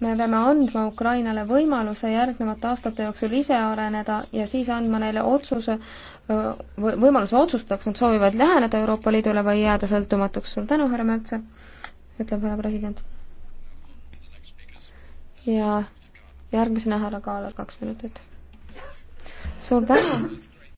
me peame andma Ukrainale võimaluse järgnevate aastate jooksul ise areneda ja siis andma neile otsuse, võimaluse otsustada, kas nad soovivad läheneda Euroopa Liidule või jääda sõltumatuks. suur tänu, härra Möltse, ütleb härra president. ja järgmisena härra Kaalar, kaks minutit. suur tänu